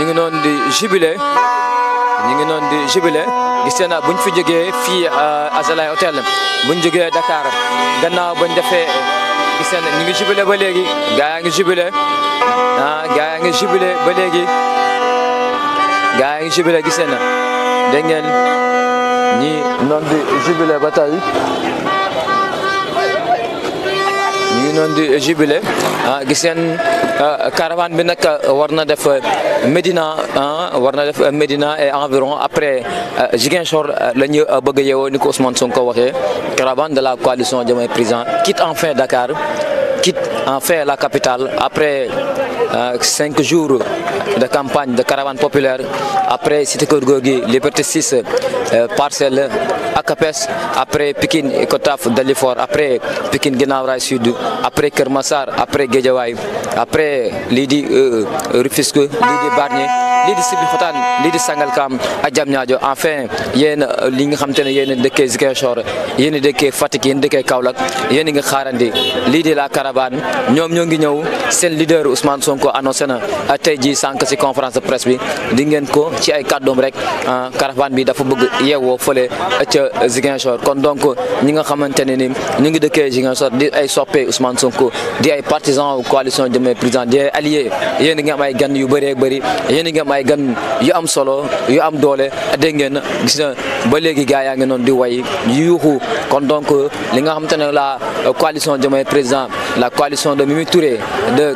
ñu ngi noonu di jubilé ñu ngi noonu di jubilé gis naa buñ fi jógee fii Azalai euh, Hotel buñ jógee Dakar gannaaw bañ defee gis ñu ngi jubilé ba léegi gaa yaa ngi jubilé ah, gaa ngi jubilé ba léegi gaa ngi jubilé gis naa dégg ngeen ñi noonu di jubilé du jubilé ah, ah caravane bi nak ah, warna def ah, Médina warna de def medina et environ après j'ai la ñu bëgg a ni ko Ousmane Sonko caravane de la coalition Diomaye Président quitte enfin Dakar quitte enfin la capitale après. Euh, cinq jours de campagne de caravane populaire après Cité Keur Liberté 6 euh, Parcelles Akapes, après pékin et Kotaf après pékin Guinaw Sud après Kermassar, après Guédiawaye après Lidi Rufuscu, euh, Rufisque barnier lii di Sébikotane lii di Sangalkam ak Diamniadio enfin yéen euh, li nga xam te ne yéen a dëkkee Ziguinchor yéen a dëkkee Fatick yéen a dëkkee Kaolack yéen a ngi xaarandi lii di la caravane ñoom ñoo ngi ñëw seen leader Ousmane Sonko annoncé na euh, tey jii sànq si conférence de bi di ngeen ko ci ay kàddoom rek euh, caravane bi dafa bëgg yeewoo fële ca Ziguinchor kon donc ñi nga xamante ne ni ñu ngi dëkkee Ziguinchor di ay soppe Ousmane son di di ay alliés yéen a a ngi ay gan yu am solo yu am doole dégg ngeen gis na ba léegi gars yaa ngi noonu di way yuuxu kon donc li nga xamante la coalition mai Président la coalition de Mimi Touré de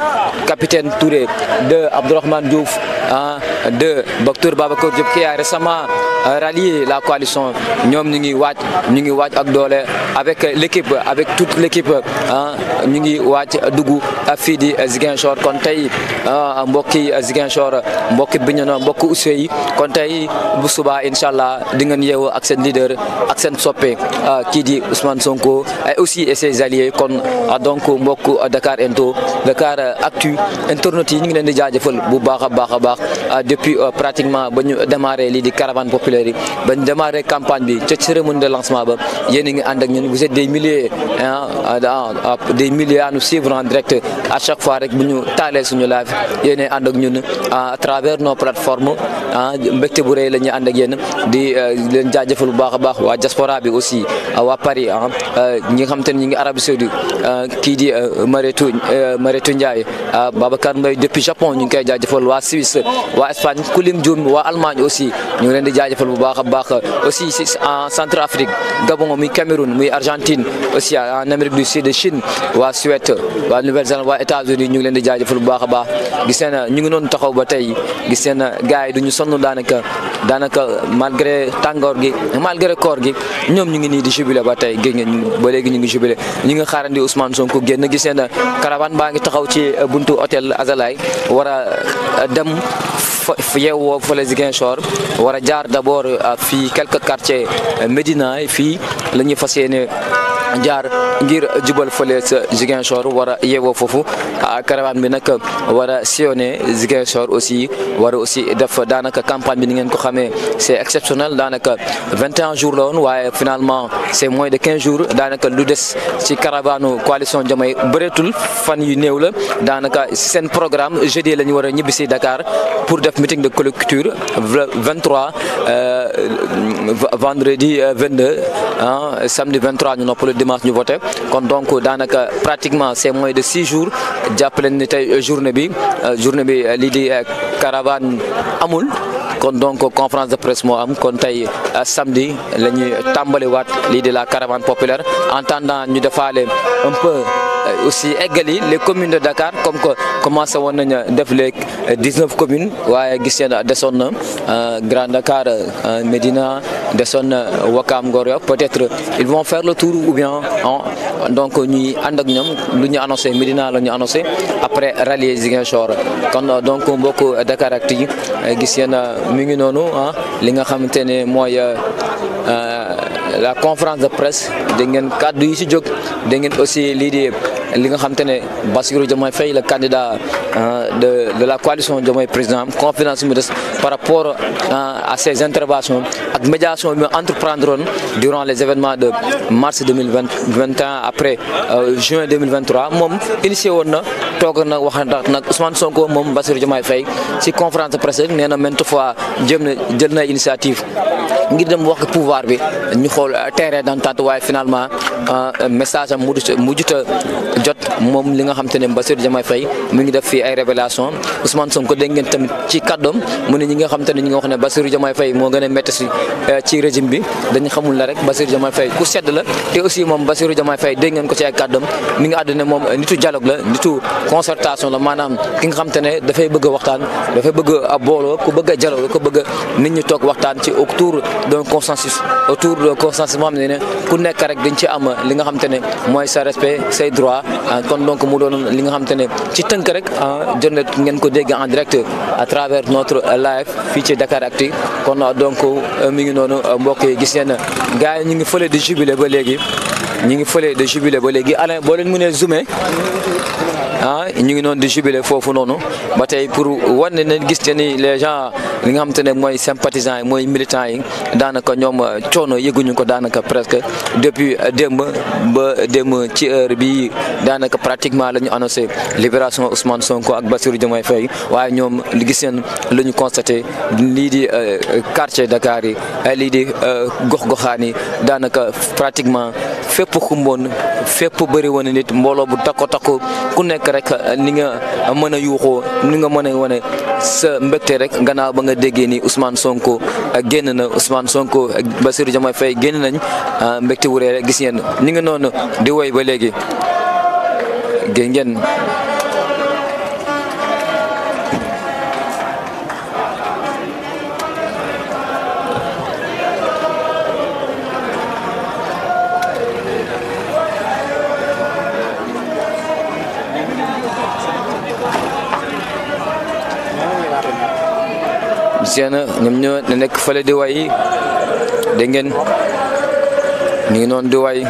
capitaine Touré de Abdourahmane Diouf ah de docteur Babacar Diop qui a récemment euh, rallier la coalition nous avec l'équipe avec toute l'équipe nous hein. ngi avec Dugu, Afidi, kon euh, Bignona kon leader accent euh, Ousmane Sonko et aussi ses alliés kon donc mbokk Dakar Dakar Actu internet nous ngi di depuis pratiquement nous démarré caravane populaire yi bañ campagne bi ca cérémonie de lancement ba yéen a ngi ànd ak ñun vous êtes des milliers ah des milliers à nous direct à chaque fois rek bu ñu taalee suñu live yéné and ak ñun à travers nos plateformes hein mbégte bu rëy la ñuy ànd ak yéen di euh, leen jaajëfal bu baaxa baax wa diaspora bi aussi wa Paris hein ñi nga xam te ñi ngi Arabie Saoudite euh, ki di Mariétou Mariétou Ndiaye ah, Babacar mbay depuis Japon ñu ngi koy jaajëfal Suisse wa Espagne kulim lim wa waa Allemagne aussi ñu leen di jaajëfal bu baaxa baax aussi en en Centrafrique Gabon muy Cameroun muy Argentine aussi en Amérique du Sud de Chine à Suède wa Nouvelle-Zélande États-Unis ñu ngi leen di jaajëfal bu baax a baax gis seen ñu ngi noonu taxaw ba tey gis seen gars yi sonn daanaka daanaka malgré tàngoor gi malgré koor gi ñoom ñu ngi nii di jubilé ba tey gis ngeen ba léegi ñu ngi jubilé ñu ngi xaarandi Ousmane Sonko génn gi seen caravane baa ngi taxaw ci buntu hôtel Azalaï war a dem yeewoo fële Ziguinchor war a jaar d'abord euh, fii quelques quartiers euh, Médina fii la ñuy fas yéene jaar ngir jubal fële sa Ziguinchor wara yewo fofu foofu caravane bi nak wara a sillonné Ziguinchor aussi wara aussi def danaka campagne bi ni ngeen ko xamé c'est exceptionnel danaka 21 jours la woon waaye finalement c'est moins de 15 jours danaka lu des ci caravane coalition Diomaye bëreetul fan yu néew la daanaka seen programme jeudi lañu wara war a Dakar pour def meeting de clôture le euh, 23 vendredi 22 euh, hein, samedi 23 ñu le dimanche ñu voté kon donc danaka pratiquement c'est moins de six jours jàpp ni tay journée bi euh, journée bi euh, l'idée di euh, caravane amul kon donc conférence de presse moi, am kon samedi lañuy tambalé wat li di la caravane populaire en ñu defaale un peu aussi eggali les communes de Dakar comme que commencé à def les 19 neuf communes waye gis ngeen desoon Grand Dakar Médina Desson euh, Wakam Ngor peut-être ils vont faire le tour ou bien hein, donc ñuy ànd ak ñoom lu ñu annoncé Medina la ñu annoncé après rallye Ziguinchor quand euh, donc beaucoup de caractères euh, gis ngeen mi ngi nous ah hein, li nga xamante ne mooy la conférence de presse da ngeen kàddu yi ci jóg da ngeen aussi lii di li nga xamante ne Bassirou fait le candidat hein, de de la coalition Diomaye président conférence mu par rapport euh, à ces interventions la médiation bi mu durant les événements de mars 2021 après euh, juin 2023 avons initié woon na na Ousmane Sonko moom Bassirou Diomaye Faye ci conférence de presse nee na maintes fois initiative ngir dem wax pouvoir bi ñu xool euh, terrain tant waaye finalement euh, message am mujjut a jot moom li nga xam te ne Bassirou Diomaye Faye mu ngi def fii ay révélation Ousmane Sonko dégg ngeen tamit ci kaddoom mu ne ñi nga xam ne ñu ngi wax ne Bassirou Diomaye Faye moo gën a métti si euh, ci régime bi dañu xamul la rek Bassirou Diomaye Faye ku sedd la te aussi moom Bassirou Diomaye Faye dégg ngeen ko ci ay kàddoom mi ngi àdduna moom nitu dialogue la nitu concertation la maanaam ki nga xam ne dafay bëgg a waxtaan dafay bëgg a booloo ku bëgg a dialogue ko bëgg nit ñi toog waxtaan ci autour d'un consensus autour de consensus boo xam ne ne ku nekk rek dañ ci am li nga xam ne mooy sa respect say droit ah, kon donc mu doon li nga xam ne ci tënk rek ah, jot ngeen ko dégg en direct à travers notre live fii ci Dakaractu kon donc euh, mi ngi noonu euh, mbokk yi gis ngeen gars yi ñu ngi fële di jubilé ba léegi. ñu ngi fole de jubilé ba léegi Alain boo leen mënee zoomé ah ñu ngi noonu di jubilé foofu noonu ba tey pour wane ne gis te ni les gens li nga xam te mooy sympathisants yi mooy militants yi daanaka ñoom euh, coono yëguñu ko daanaka presque depuis euh, démb ba démb ci heure bi daanaka pratiquement la ñu annoncé libération Ousmane Sonko ak Bassirou Diomaye Faye waaye ñoom li gis seen lu ñu constaté lii di euh, quartier Dakar yi lii di gox-goxaan daanaka pratiquement fépp xumboon fépp bari woon nit mbooloo bu takko takko ku nekk rek ni nga mën a yuuxoo ni nga mën a wane sa mbégte rek gannaaw ba nga déggee ni usmaan Sonko a génn na Ousmane Sonko ak Bassirou Diomaye Faye génn nañ ah, mbégte wu rek gis ngeen ni nga noonu di woy ba léegi génn Luciana ñoom ñoo nekk fale di way dégg ngeen ñu ngi noonu di way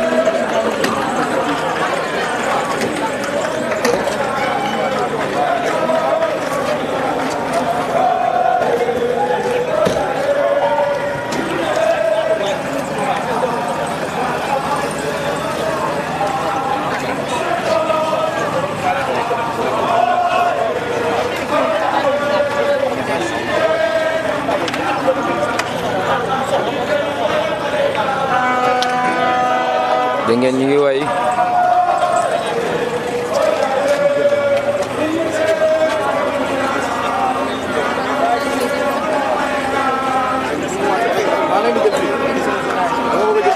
da ngeen ñu ngi way